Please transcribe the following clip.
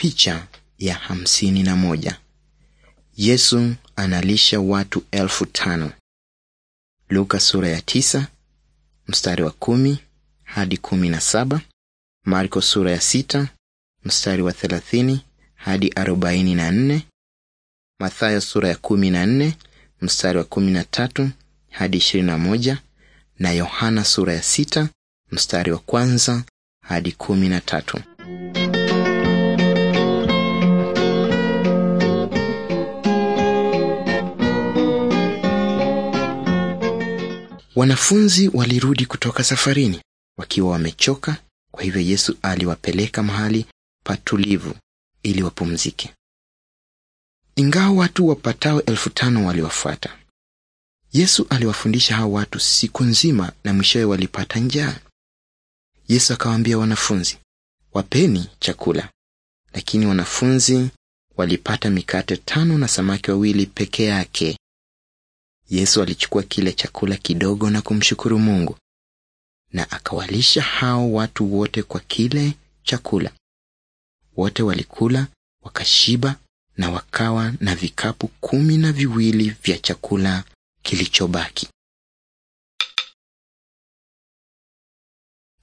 Picha ya hamsini na moja. Yesu analisha watu elfu tano. Luka sura ya tisa, mstari wa kumi hadi kumi na saba. Marko sura ya sita, mstari wa thelathini hadi arobaini na nne. Mathayo sura ya kumi na nne, mstari wa kumi na tatu hadi ishirini na moja na Yohana sura ya sita, mstari wa kwanza hadi kumi na tatu. Wanafunzi walirudi kutoka safarini wakiwa wamechoka, kwa hivyo Yesu aliwapeleka mahali patulivu ili wapumzike. Ingawa watu wapatao elfu tano waliwafuata Yesu, aliwafundisha hao watu siku nzima na mwishowe walipata njaa. Yesu akawaambia wanafunzi, wapeni chakula, lakini wanafunzi walipata mikate tano na samaki wawili peke yake. Yesu alichukua kile chakula kidogo na kumshukuru Mungu, na akawalisha hao watu wote kwa kile chakula. Wote walikula wakashiba, na wakawa na vikapu kumi na viwili vya chakula kilichobaki.